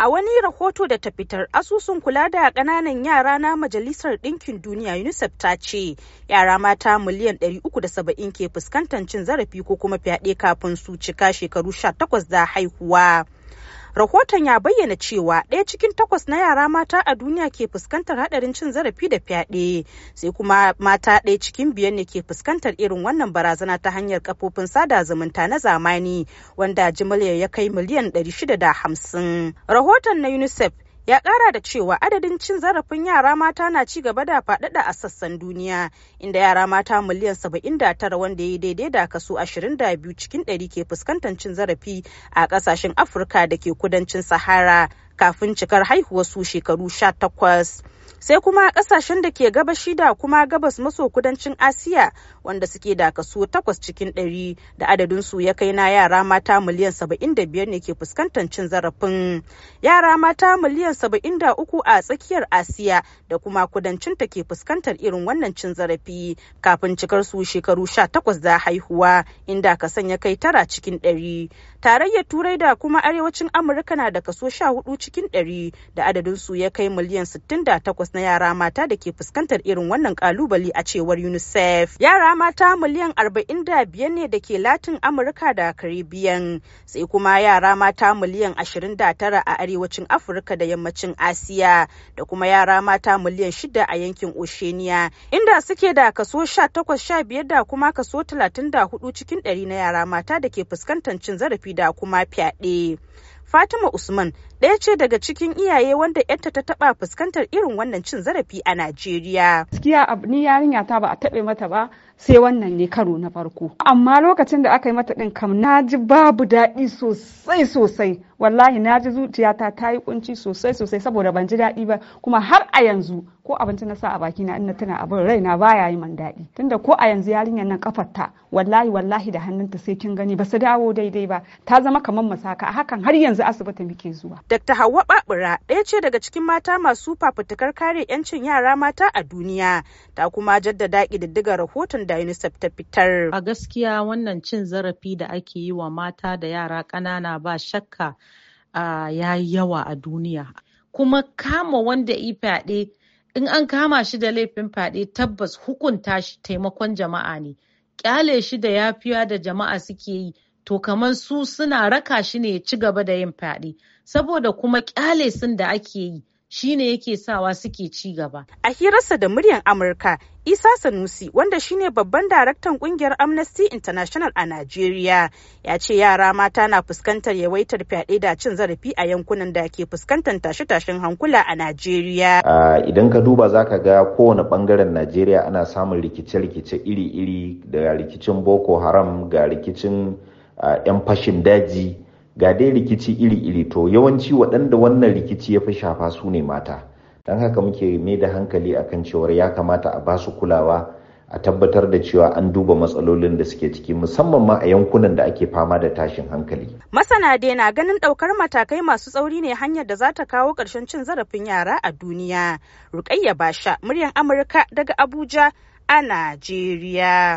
A wani rahoto da ta fitar asusun kula da ƙananan yara na Majalisar Ɗinkin Duniya UNICEF ta ce yara mata miliyan 370 ke fuskantar cin zarafi ko kuma fyaɗe kafin su cika shekaru 18 da haihuwa. Rahoton ya bayyana cewa ɗaya cikin takwas na yara mata a duniya ke fuskantar haɗarin cin zarafi da fyaɗe, sai kuma mata ɗaya cikin biyar ne ke fuskantar irin wannan barazana ta hanyar kafofin sada zumunta na zamani wanda jimillar ya kai miliyan 650. Rahoton na UNICEF ya kara da cewa adadin cin zarafin yara mata na ci gaba da faɗaɗa a sassan duniya inda yara mata miliyan 79 wanda ya yi daidai da kaso 22 cikin 100 ke fuskantar cin zarafi a ƙasashen afirka da ke kudancin sahara kafin cikar su shekaru 18 sai kuma kasashen da ke gabashi da kuma gabas maso kudancin asiya wanda suke da kaso takwas cikin ɗari da adadin su ya kai na yara mata miliyan saba'in da biyar ne ke fuskantar cin zarafin yara mata miliyan saba'in da uku a tsakiyar asiya da kuma kudancin ta ke fuskantar irin wannan cin zarafi kafin cikar su shekaru sha takwas da haihuwa inda kasan ya kai tara cikin ɗari tarayyar turai da kuma arewacin amurka na da kaso sha hudu cikin ɗari da adadin su ya kai miliyan sittin da takwas takwas na yara mata da ke fuskantar irin wannan kalubali a cewar UNICEF. Yara mata miliyan arba'in da biyar ne da ke Latin Amurka da Caribbean, sai kuma yara mata miliyan ashirin da tara a arewacin Afirka da yammacin Asiya, da kuma yara mata miliyan shida a yankin Oceania, inda suke da kaso sha takwas sha biyar da kuma kaso talatin da hudu cikin ɗari na yara mata da ke fuskantar cin zarafi da kuma fyaɗe. Fatima Usman ɗaya ce daga cikin iyaye wanda 'yanta ta taɓa fuskantar irin wannan cin zarafi a Najeriya. Gaskiya ni yarinya ta ba a taɓe mata ba sai wannan ne karo na farko amma lokacin da aka yi mata ɗin kam na ji babu daɗi sosai sosai wallahi na ji zuciyata ta yi kunci sosai sosai saboda ban ji daɗi ba kuma har a yanzu ko abinci na sa a baki na ina tana abin raina baya yi man daɗi tunda ko a yanzu yarinyar nan kafarta wallahi wallahi da hannunta sai kin gani ba su dawo daidai ba ta zama kamar masaka a hakan har yanzu asibiti muke zuwa Dr. Hauwa Babura ɗaya ce daga cikin mata masu fafutukar kare 'yancin yara mata a duniya ta kuma jaddada ƙididdigar rahoton da UNICEF ta fitar. A gaskiya wannan cin zarafi da ake yi wa mata da yara ƙanana ba shakka ya yi yawa a duniya. Kuma kama wanda fyaɗe in an kama shi da laifin fyaɗe tabbas hukunta shi taimakon jama'a ne. Kyale shi da yafiya da jama'a suke yi. to kamar su suna raka shi ne ya ci gaba da yin fyaɗe saboda kuma kyale sun da ake yi shine yake sawa suke ci gaba. A hirarsa da muryar Amurka, Isa Sanusi wanda shine babban daraktan kungiyar Amnesty International a Najeriya ya ce yara mata na fuskantar yawaitar fyaɗe da cin zarafi a yankunan da ke fuskantar tashe-tashen hankula a Najeriya. Uh, Idan ka duba za ka ga kowane ɓangaren Najeriya ana samun rikice-rikice iri-iri da rikicin Boko Haram ga rikicin 'yan fashin daji. ga dai rikici iri-iri to yawanci waɗanda wannan rikici ya fi shafa su ne mata don haka muke mai da hankali akan cewar ya kamata a basu kulawa a tabbatar da cewa an duba matsalolin da suke ciki musamman ma a yankunan da ake fama da tashin hankali. Masana dai na ganin ɗaukar matakai masu tsauri ne hanyar da za ta kawo ƙarshen cin zarafin yara a duniya. Rukayya Basha, muryar Amurka daga Abuja a Najeriya.